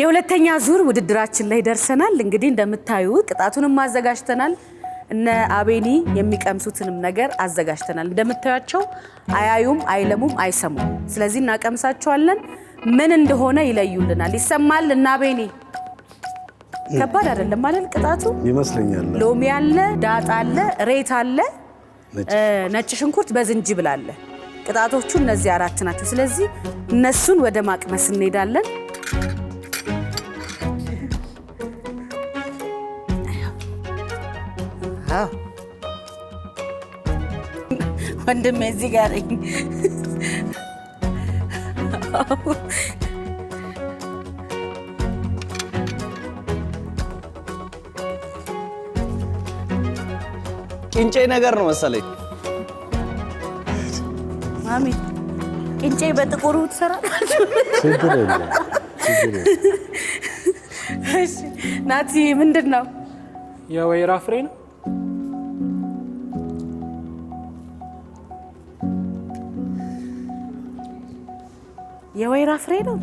የሁለተኛ ዙር ውድድራችን ላይ ደርሰናል። እንግዲህ እንደምታዩት ቅጣቱንም አዘጋጅተናል። እነ አቤኒ የሚቀምሱትንም ነገር አዘጋጅተናል። እንደምታያቸው አያዩም፣ አይለሙም፣ አይሰሙም። ስለዚህ እናቀምሳቸዋለን። ምን እንደሆነ ይለዩልናል። ይሰማል እና አቤኒ ከባድ አይደለም ማለት ቅጣቱ ይመስለኛል። ሎሚ አለ፣ ዳጣ አለ፣ ሬት አለ፣ ነጭ ሽንኩርት በዝንጅብል አለ። ቅጣቶቹ እነዚህ አራት ናቸው። ስለዚህ እነሱን ወደ ማቅመስ እንሄዳለን። ወንድሜ እዚህ ጋር ቅንጬ ነገር ነው መሰለኝ። ማሚ ቅንጬ በጥቁሩ ትሰራላችሁ። ናቲ ምንድን ነው? የወይራ ፍሬ ነው። የወይራ ፍሬ ነው።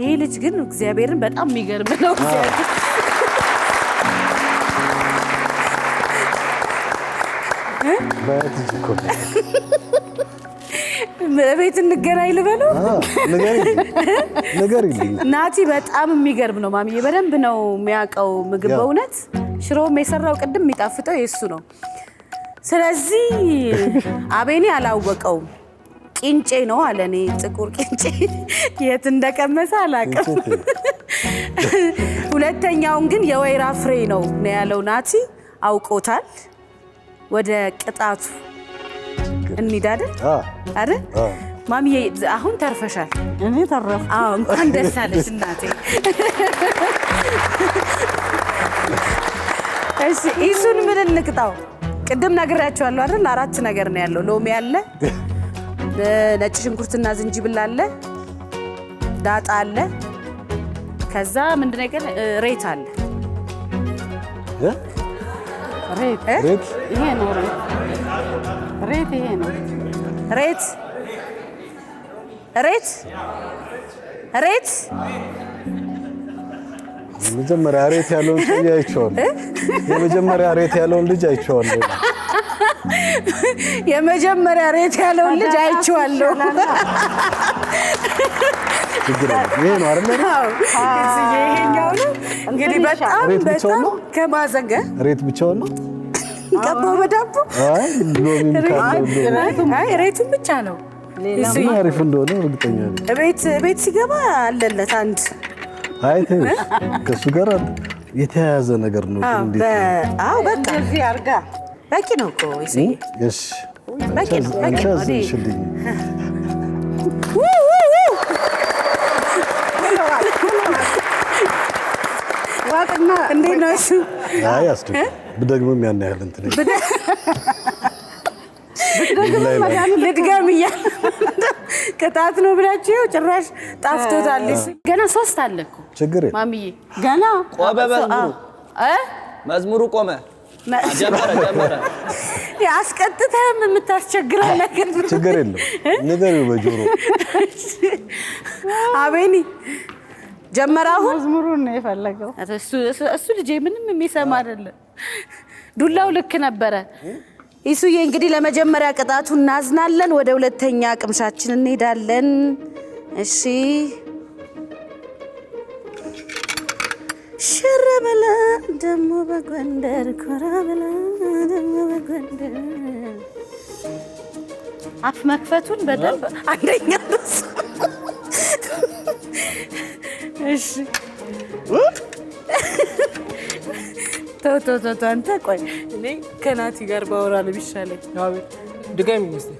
ይሄ ልጅ ግን እግዚአብሔርን በጣም የሚገርም ነው። ቤት እንገናኝ ልበለው። ናቲ በጣም የሚገርም ነው። ማሚዬ በደንብ ነው የሚያውቀው ምግብ። በእውነት ሽሮም የሰራው ቅድም የሚጣፍጠው የእሱ ነው። ስለዚህ አቤኔ አላወቀውም። ቂንጬ ነው አለ። እኔ ጥቁር ቂንጬ የት እንደቀመሰ አላውቅም። ሁለተኛውን ግን የወይራ ፍሬ ነው ነው ያለው። ናቲ አውቆታል። ወደ ቅጣቱ እንሂዳለን አይደል? ማሚዬ አሁን ተርፈሻል። እኔ ተረፍ። እንኳን ደስ አለሽ እናቴ። እሺ ኢሱን ምን እንቅጣው? ቅድም ነግሬያቸዋለሁ አይደል? አራት ነገር ነው ያለው። ሎሚ አለ፣ ነጭ ሽንኩርትና ዝንጅብል አለ፣ ዳጣ አለ፣ ከዛ ምንድን ነገር ሬት አለ። ሬት ይሄ ነው። ሬት ይሄ ነው። ሬት ሬት ሬት መጀመሪያ ሬት ያለውን ልጅ አይቼዋለሁ። የመጀመሪያ ሬት ያለውን ልጅ አይቼዋለሁ። የመጀመሪያ ሬት ያለውን ልጅ አይቼዋለሁ። ይሄ ነው አይደል? ይሄኛው ነው እንግዲህ በጣም በጣም ከማዘንገ ሬት ብቻውን ነው ቀባው በዳቦ ሬቱን ብቻ ነው። አሪፍ እንደሆነ እርግጠኛ ነኝ። ቤት ሲገባ አለለት አንድ አይ ከሱ ጋር የተያያዘ ነገር ነው። አዎ በቃ አርጋ በቂ ነው እኮ እሺ፣ በቂ ነው። በቂ ነው። ዋቅና እንዴት ነው እሱ? አይ አስደግምም ያን ያህል እንትን ልድገም እያለ ቅጣት ነው ብላችሁ ጭራሽ ጣፍቶታል። ገና ሶስት አለ እኮ ችግር ማምዬ ገና ቆመ። መዝሙሩ ቆመ። አስቀጥተህም የምታስቸግረው ነገር ችግር የለም። ንገሪው በጆሮ አቤኒ ጀመረ። አሁን መዝሙሩን ነው የፈለገው እሱ ልጄ ምንም የሚሰማ አይደለም። ዱላው ልክ ነበረ። ይሱዬ እንግዲህ ለመጀመሪያ ቅጣቱ እናዝናለን። ወደ ሁለተኛ ቅምሻችን እንሄዳለን። እሺ ሽር ብላ ደሞ በጎንደር ኮራ ብላ ደሞ በጎንደር አፍ መክፈቱን በደንብ አንደኛ ነሱ። እሺ ተው ተው ተው አንተ ቆይ፣ እኔ ከናቲ ጋር ባወራ ነው የሚሻለኝ። ድጋሚ ይመስለኝ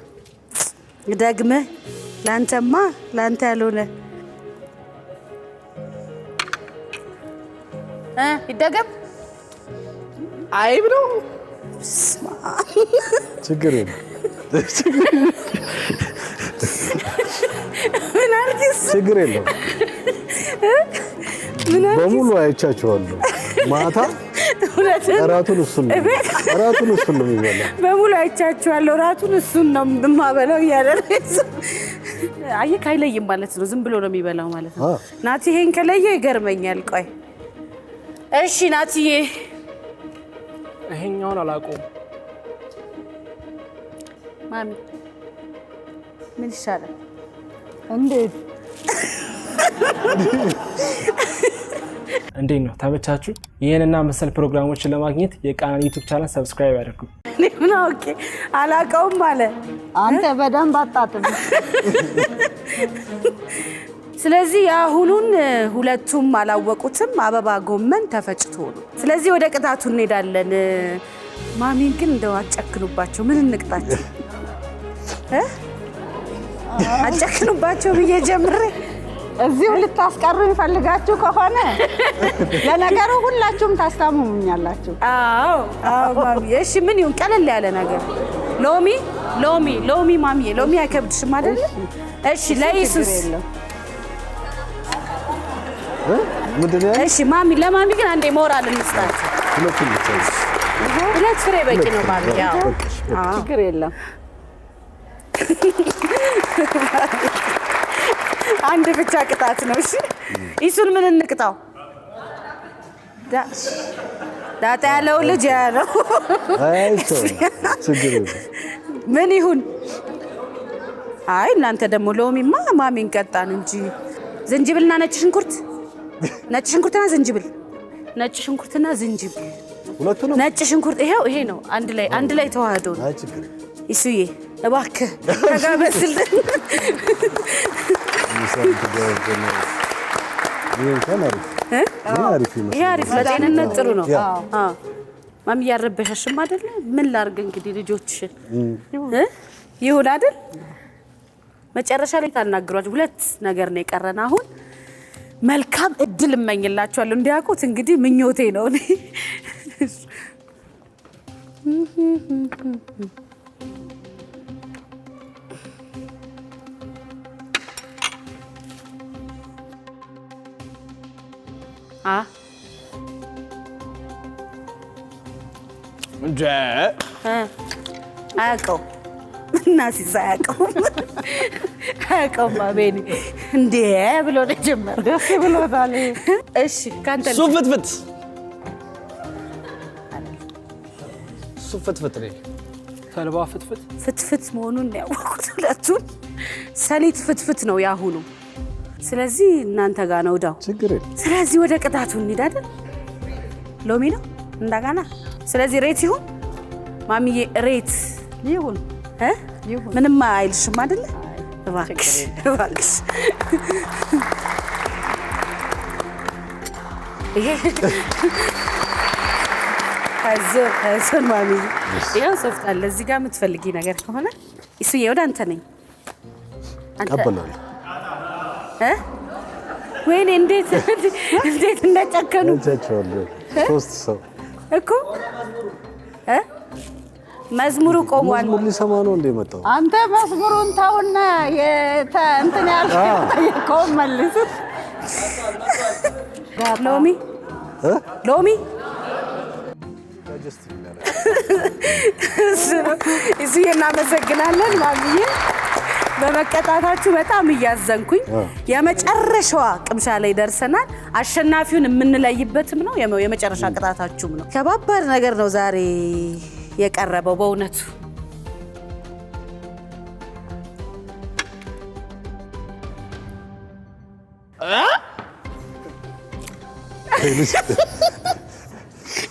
ደግመህ ለአንተማ ለአንተ ያልሆነ ይደገም አይብ ነው ችግር ችግር የለውም። በሙሉ አይቻችኋለሁ ማታ ራቱን እሱን ነው የሚበላው። በሙሉ አይቻችኋለሁ። እራቱን እሱን ነው የማበላው እያለ አየህ፣ አይለይም ማለት ነው። ዝም ብሎ ነው የሚበላው ማለት ነው። ናቲ ይሄን ከለየ ይገርመኛል። ቆይ እሺ ናቲዬ፣ ይሄኛውን አላውቀውም። ማሚ ምን ይሻላል? እንዴት እንዴት ነው ተመቻችሁ? ይህንና መሰል ፕሮግራሞችን ለማግኘት የቃናን ዩቱብ ቻናል ሰብስክራይብ ያደርጉ። ምን አውቄ አላውቀውም አለ አንተ በደንብ አጣጥም። ስለዚህ የአሁኑን ሁለቱም አላወቁትም። አበባ ጎመን ተፈጭቶ ነው። ስለዚህ ወደ ቅጣቱ እንሄዳለን። ማሚን ግን እንደው አጨክኑባቸው። ምን እንቅጣቸው? አጨክኑባቸው ብዬ ጀምሬ እዚሁ ልታስቀሩኝ ፈልጋችሁ ከሆነ ለነገሩ ሁላችሁም ታስታምሙኛላችሁ። አዎ አዎ። እሺ ምን ይሁን? ቀለል ያለ ነገር ሎሚ ሎሚ ሎሚ ማሚዬ፣ ሎሚ አይከብድሽም አይደል? እሺ ለኢየሱስ እሺ ማሚ ለማሚ ግን አንዴ ሞራል እንስጣት። ሁለት ፍሬ በቂ ነው ማሚ። ችግር የለም አንድ ብቻ ቅጣት ነው። እሺ እሱን ምን እንቅጣው? ዳጣ ያለው ልጅ ያለው ምን ይሁን? አይ እናንተ ደግሞ ሎሚማ ማሚን ቀጣን እንጂ ዝንጅብልና ነጭ ሽንኩርት፣ ነጭ ሽንኩርትና ዝንጅብል፣ ነጭ ሽንኩርትና ዝንጅብል፣ ነጭ ሽንኩርት ይሄው ይሄ ነው። አንድ ላይ አንድ ላይ ተዋህዶ ነው። ይሱዬ እባክህ ተጋበዝልን። ይሄ አሪፍ ለጤንነት ጥሩ ነው። ማሚ እያረበሸሽም አይደለ? ምን ላርግ እንግዲህ ልጆችሽን ይሁን አይደል? መጨረሻ ላይ ታናግሯቸው። ሁለት ነገር ነው የቀረን አሁን መልካም እድል እመኝላችኋለሁ። እንዲያውቁት እንግዲህ ምኞቴ ነው። እኔ። አያውቀውም እና ሲሳ አያውቀውም አያውቀውም። እንዴ ብሎ ነው የጀመረው ብሎታል። እሺ ፍትፍት ተልባ ፍትፍት ፍትፍት መሆኑን ያወቁት ሁለቱን ሰሊጥ ፍትፍት ነው ያሁኑ ስለዚህ እናንተ ጋር ነው እዳው። ስለዚህ ወደ ቅጣቱ እንሄዳለን። ሎሚ ነው እንዳጋና። ስለዚህ ሬት ይሁን ማሚዬ፣ ሬት ይሁን ምንም አይልሽም አይደለ? እባክሽ እባክሽ። አይዞን ማሚ ያው ሶፍት አለ እዚህ ጋር የምትፈልጊ ነገር ከሆነ እሱዬ ወደ አንተ ነኝ። ወይኔ እንዴት እንዴት እንደጨከኑ ሶስት ሰው እኮ መዝሙሩ ቆሟል። መዝሙር ሊሰማ ነው እንደ የመጣው አንተ መዝሙሩን ተውና እንትን ያልከው ጠየቀውን መልስ። ሎሚ ሎሚ እሱ እናመሰግናለን ማብዬ በመቀጣታችሁ በጣም እያዘንኩኝ የመጨረሻዋ ቅምሻ ላይ ደርሰናል። አሸናፊውን የምንለይበትም ነው የመጨረሻ ቅጣታችሁም ነው። ከባባድ ነገር ነው ዛሬ የቀረበው በእውነቱ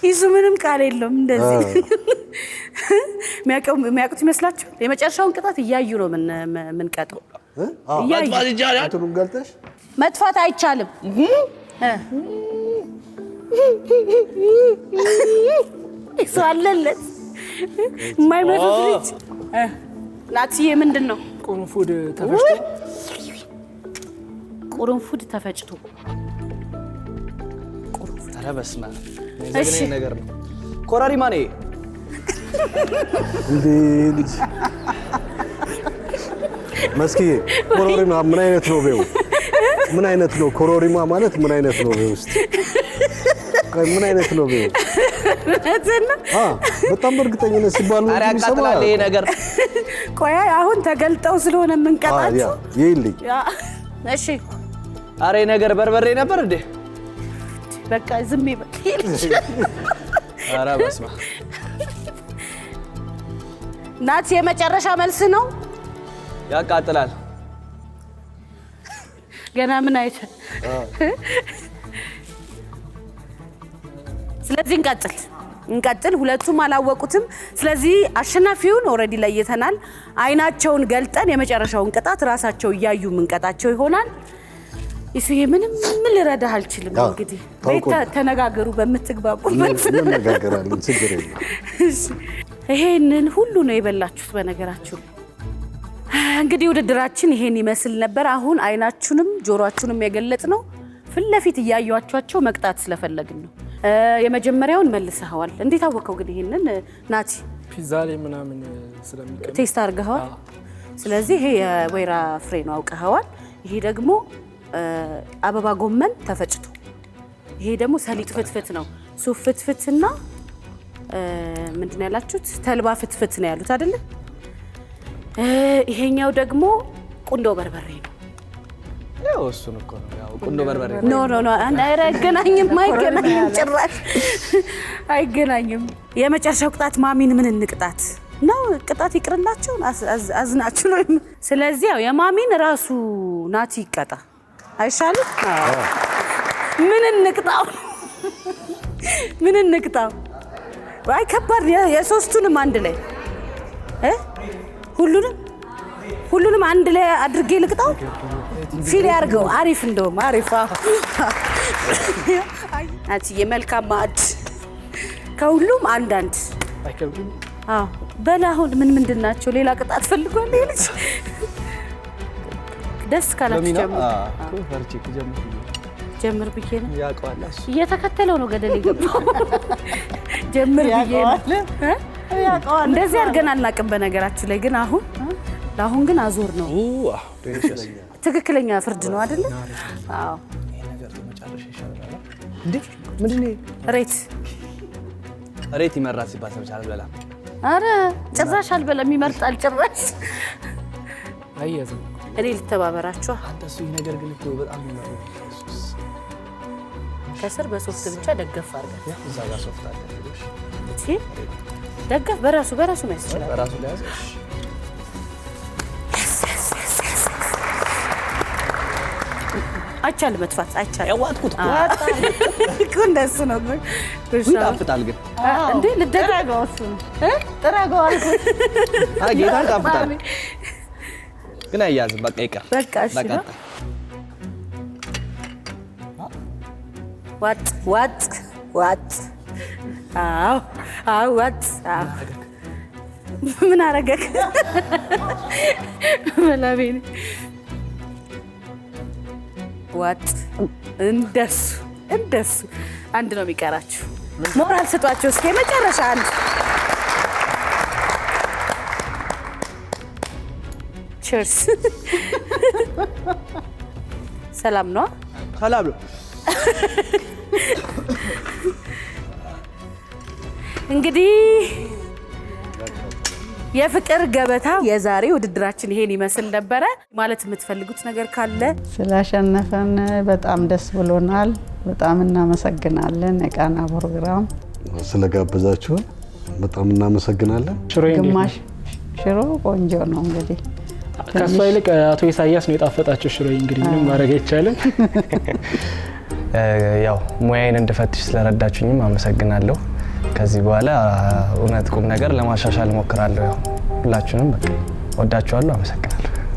ይዙ ምንም ቃል የለውም እንደዚህ የሚያውቁት ይመስላችሁ? የመጨረሻውን ቅጣት እያዩ ነው የምንቀጠው። መጥፋት አይቻልም። ሰው አለለት የማይመጡት ልጅ ናትዬ፣ ምንድን ነው ቁርንፉድ ተፈጭቶ ቁርንፉድ ተፈጭቶ ኧረ ነገር ነው ኮረሪማ እንዴ ልጅ መስኪ ኮሮሪማ ምን አይነት ነው? ቤው ምን አይነት ነው? ኮሮሪማ ማለት ምን አይነት ነው? ቤው ውስጥ ምን አይነት ነው? ቤው በጣም በእርግጠኝነት ሲባሉ ይሄ ነገር ቆያ አሁን ተገልጠው ስለሆነ የምንቀጣቸው ይልኝ። እሺ፣ አሬ ነገር በርበሬ ነበር እንዴ? በቃ ዝም ይበል። ኧረ በስመ አብ ናት የመጨረሻ መልስ ነው። ያቃጥላል። ገና ምን አይተ ስለዚህ እንቀጥል እንቀጥል። ሁለቱም አላወቁትም። ስለዚህ አሸናፊውን ኦልሬዲ ለይተናል። አይናቸውን ገልጠን የመጨረሻውን ቅጣት ራሳቸው እያዩ ምንቀጣቸው ይሆናል። ይሄ ምንም ምን ልረዳህ አልችልም። እንግዲህ ተነጋገሩ በምትግባቡበት ይሄንን ሁሉ ነው የበላችሁት። በነገራችሁ እንግዲህ ውድድራችን ይሄን ይመስል ነበር። አሁን አይናችሁንም ጆሮአችሁንም የገለጽ ነው ፊት ለፊት መቅጣት ስለፈለግን ነው። የመጀመሪያውን መልሰኸዋል። እንዴት አወቀው ግን? ይሄንን ናቲ ፒዛ ላይ ምናምን ስለሚቀመጥ ቴስት አድርገኸዋል። ስለዚህ ይሄ የወይራ ፍሬ ነው አውቀኸዋል። ይሄ ደግሞ አበባ ጎመን ተፈጭቶ፣ ይሄ ደግሞ ሰሊጥ ፍትፍት ነው። ሱፍ ፍትፍትና ምንድን ያላችሁት? ተልባ ፍትፍት ነው ያሉት አይደለ? ይሄኛው ደግሞ ቁንዶ በርበሬ ነው። ያው እሱን እኮ ነው ያው ቁንዶ በርበሬ ነው። ኖ ኖ ኖ፣ አይገናኝም፣ አይገናኝም፣ ጭራሽ አይገናኝም። የመጨረሻው ቅጣት ማሚን ምን እንቅጣት ነው? ቅጣት ይቅርላቸው፣ አዝናችሁ ነው። ስለዚህ ያው የማሚን ራሱ ናቲ ይቀጣ አይሻልም? ምን እንቅጣው? ምን እንቅጣው? አይ ከባድ የሶስቱንም አንድ ላይ ሁሉንም ሁሉንም አንድ ላይ አድርጌ ልቅጣው። ፊል ያርገው። አሪፍ እንደውም አሪፍ። አንቺ የመልካም ማዕድ ከሁሉም አንዳንድ በላ። አሁን ምን ምንድን ናቸው? ሌላ ቅጣት ፈልጓል ልጅ ደስ ካላችሁ ጀምሩ። ጀምር ብዬ ነው እየተከተለው ነው ገደል የገባው። ጀምር ብዬ ነው እንደዚህ አድርገን አናውቅም። በነገራችን ላይ ግን አሁን ለአሁን ግን አዞር ነው ትክክለኛ ፍርድ ነው አይደለ? ሬት ሬት ይመራል ሲባል ሰምቼ አልበላም። ኧረ ጭራሽ አልበላም ይመርጣል ጭራሽ እኔ ልተባበራችኋ። ከስር በሶፍት ብቻ ደገፍ አድርገን እዛ ጋር ሶፍት አለ። ደገፍ በራሱ በራሱ መያዝ ይችላል። በራሱ ለያዝ መጥፋት አይቻል። ያዋጥኩት እኮ እንደሱ ነው። ይጣፍጣል ግን እንዴ ልደረገው እሱ ጥረገው አልኩት። አይ ጌታ ይጣፍጣል ግን አያዝም። በቃ ይቀር በቃ እሺ ነው ዋጥ ዋጥ ዋጥ አዎ አዎ ዋጥ አዎ ምን አረገክ መላቤን ዋጥ እንደሱ እንደሱ አንድ ነው የሚቀራችሁ ሞራል ስጧቸው እስከ መጨረሻ አንድ ቺርስ ሰላም ነው ሰላም ነው እንግዲህ የፍቅር ገበታ የዛሬ ውድድራችን ይሄን ይመስል ነበረ። ማለት የምትፈልጉት ነገር ካለ? ስላሸነፈን በጣም ደስ ብሎናል። በጣም እናመሰግናለን። የቃና ፕሮግራም ስለጋበዛችሁን በጣም እናመሰግናለን። ግማሽ ሽሮ ቆንጆ ነው። እንግዲህ ከእሷ ይልቅ አቶ ኢሳያስ ነው የጣፈጣቸው ሽሮ። እንግዲህ ምንም ማድረግ አይቻልም። ያው ሙያዬን እንድፈትሽ ስለረዳችሁኝም አመሰግናለሁ። ከዚህ በኋላ እውነት ቁም ነገር ለማሻሻል እሞክራለሁ። ያው ሁላችሁንም በቃ ወዳችኋለሁ። አመሰግናለሁ።